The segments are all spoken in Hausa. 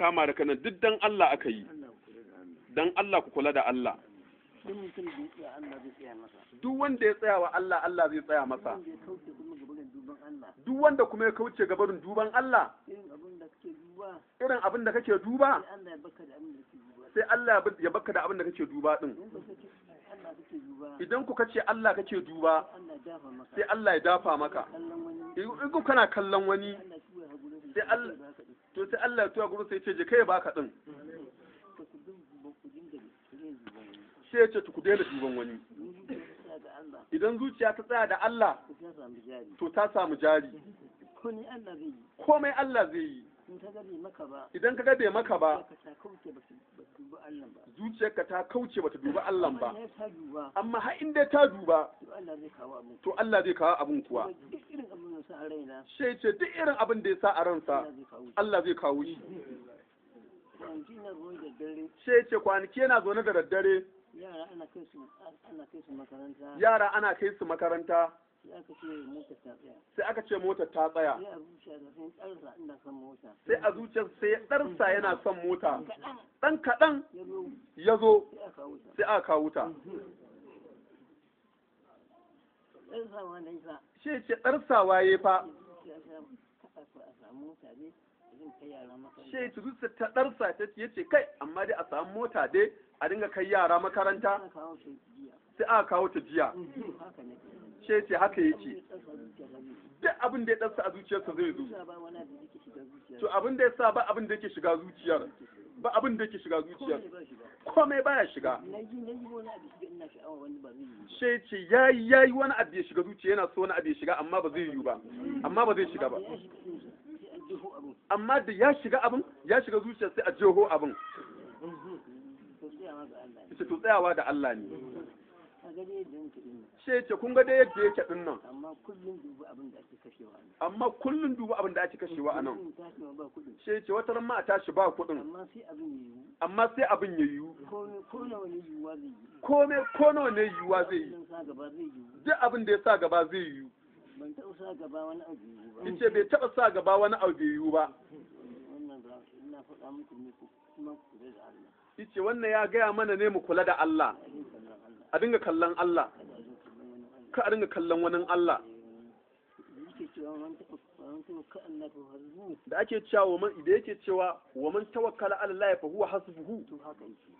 kama da kanan duk dan Allah aka yi dan Allah ku kula da Allah duk wanda ya tsaya wa Allah Allah zai tsaya masa duk wanda kuma ya kauce gabarin duban Allah irin abin da kake duba sai Allah ya baka da abin da kake duba din idan ku kace Allah kake duba sai Allah ya dafa maka in kana kallon wani sai Allah to sai Allah ya tuwa gurin sai ce je kai baka din sai ce ku daina duban wani idan zuciya ta tsaya da Allah to ta samu jari komai Allah zai yi idan ka gabe maka ba zuciyarka ta kauce bata duba Allah ba amma har inda ta duba to Allah zai kawo abin kuwa sai ce duk irin abin da ya sa a ransa Allah zai kawo shi sai ce kwanaki yana zaune da daddare yara ana kai su makaranta sai aka ce motar ta tsaya sai a zuciya sai ɗarsa yana son mota ɗan kaɗan ya zo sai aka kawo ta Shi ce ɗarsa waye fa. Shi ɗarsa ta ɗarsa ta ce ce kai amma dai a samu mota dai a dinga kai yara makaranta. Sai aka kawo ta jiya. Shi ce haka ya ce. Duk abin da ya ɗarsa a zuciyarsa zai zo. To abin da ya sa ba abin da yake shiga zuciyar. ba abin da ke shiga zuciya komai baya shiga sai ce ya yi wani abu ya shiga zuciya yana so wani abu ya shiga amma ba zai yiwu ba amma ba zai shiga ba amma da ya shiga abin ya shiga zuciya sai a jeho abin ita to tsayawa da Allah ne sai ce kun ga dai yadda yake din nan amma kullum dubu abin da ake kashewa nan amma kullum dubu abin da ake kashewa a nan sai ce wata ran ma a tashi ba kuɗin amma sai abin ya yiwu amma sai abin ya yiwu yiwuwa zai yi kome ko nawa ne yiwuwa zai yi duk abin da ya sa gaba zai yiwu ban taɓa sa gaba wani abu yiwu ba ce bai taɓa sa gaba wani abu yiwu ba Ice faɗa ne kuma ku kula da Allah wannan ya gaya mana ne mu kula da Allah a dinga kallon Allah ka a dinga kallon wani Allah da ake cewa wa man da yake cewa wa man tawakkala ala Allah fa huwa hasbuhu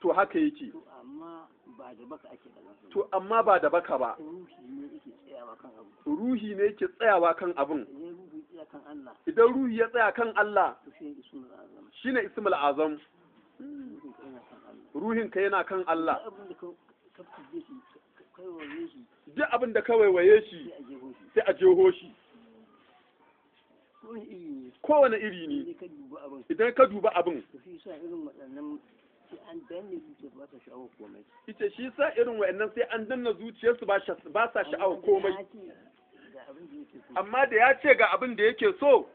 to haka yake to amma ba da baka ake ba to amma ba da baka ba ruhi ne yake tsayawa kan abu. ruhi ne yake tsayawa kan abin idan ruhi ya tsaya kan Allah shine ismul azam ruhin ka yana kan Allah duk abin da ka waiwaye shi sai a jeho shi kowane iri ne idan ka duba abin ita shi sa irin wa'annan sai an danna zuciyarsu ba sa sha'awar komai amma da ya ce ga abin da yake so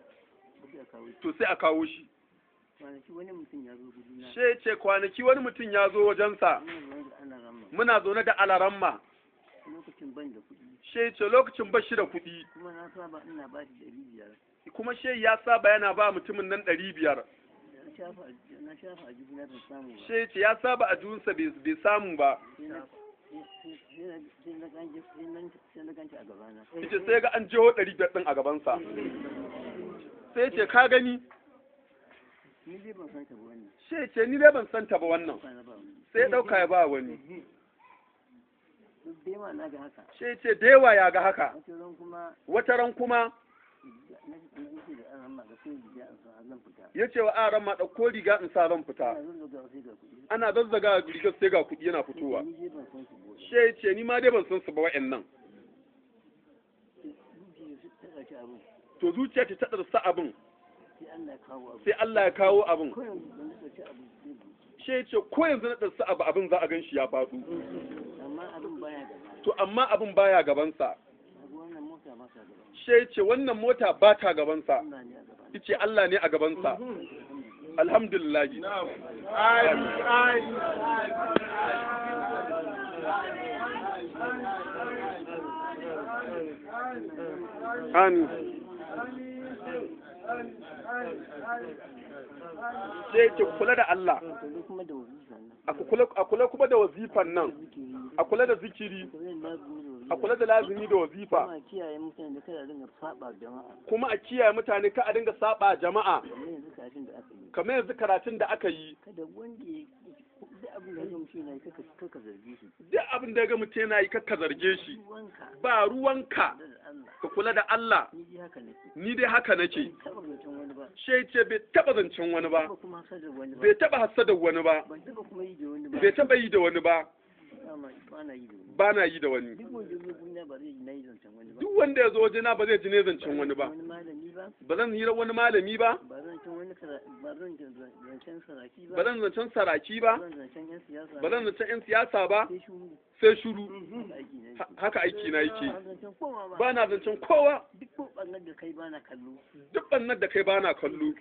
to sai a kawo shi she ce kwanaki wani mutum ya zo wajensa muna zaune da alaramma she ce lokacin ba shi da kuɗi kuma she ya saba yana ba mutumin nan ɗari biyar she ce ya saba a junsa bai samu ba ce sai ga an jiho ɗari biyar ɗin a gabansa sai ce ka gani sai ce ni dai ban santa ba wannan sai ɗauka ya ba wani sai ce da yawa ya ga haka wata ran kuma ya ce wa ran maɗa ko riga in sa zan fita ana zazzaga rigar sai ga kuɗi yana fitowa shi ya ce ni ma dai ban san su ba nan to zuciya ta taɗar sa abin sai Allah ya kawo abin shi ya ce ko yanzu na ɗarsa abu abin za a gan shi ya faɗu to amma abin baya gabansa sai ce wannan mota ba ta gabansa ce Allah ne a gabansa alhamdulillah an sai ki kula da Allah a kula kuma da wazifan nan a kula da zikiri a kula da lazumi da wazifa kuma a kiyaye mutane ka a dinga saba jama'a kuma a kiyaye mutane a dinga jama'a kamar yanzu karatun da aka yi kada duk abin da ya ga mutum yana yi kakka zarge shi ba ruwanka ka kula da Allah ni dai haka nake shi ce bai taba zancen wani ba bai taba hasadar wani ba bai taba yi da wani ba ba na yi da wani duk wanda ya zo wajena ba zai ji ne zancen wani ba ba zan yi wani malami ba ba zan zancen saraki ba ba zan zancen yan siyasa ba sai shuru haka aiki na yake ba na zancen kowa duk bannan da kai ba na kallo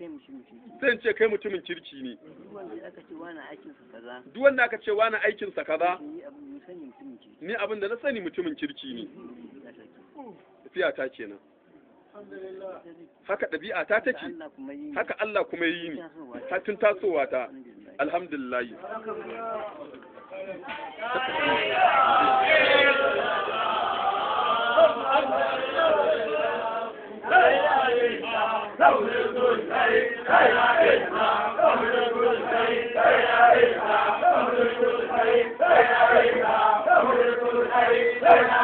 Sai ce kai mutumin kirki ne duk wanda aka ce wani aikinsa kaza ni abin da na sani mutumin kirki ne tafiya ta kenan haka ɗabi'a ta take haka Allah kuma yi ni tun tasowa ta alhamdulillah Hey!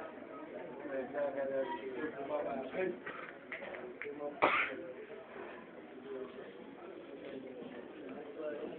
Hace la no